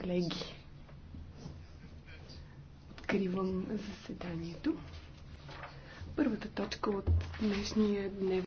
колеги. Откривам заседанието. Първата точка от днешния днев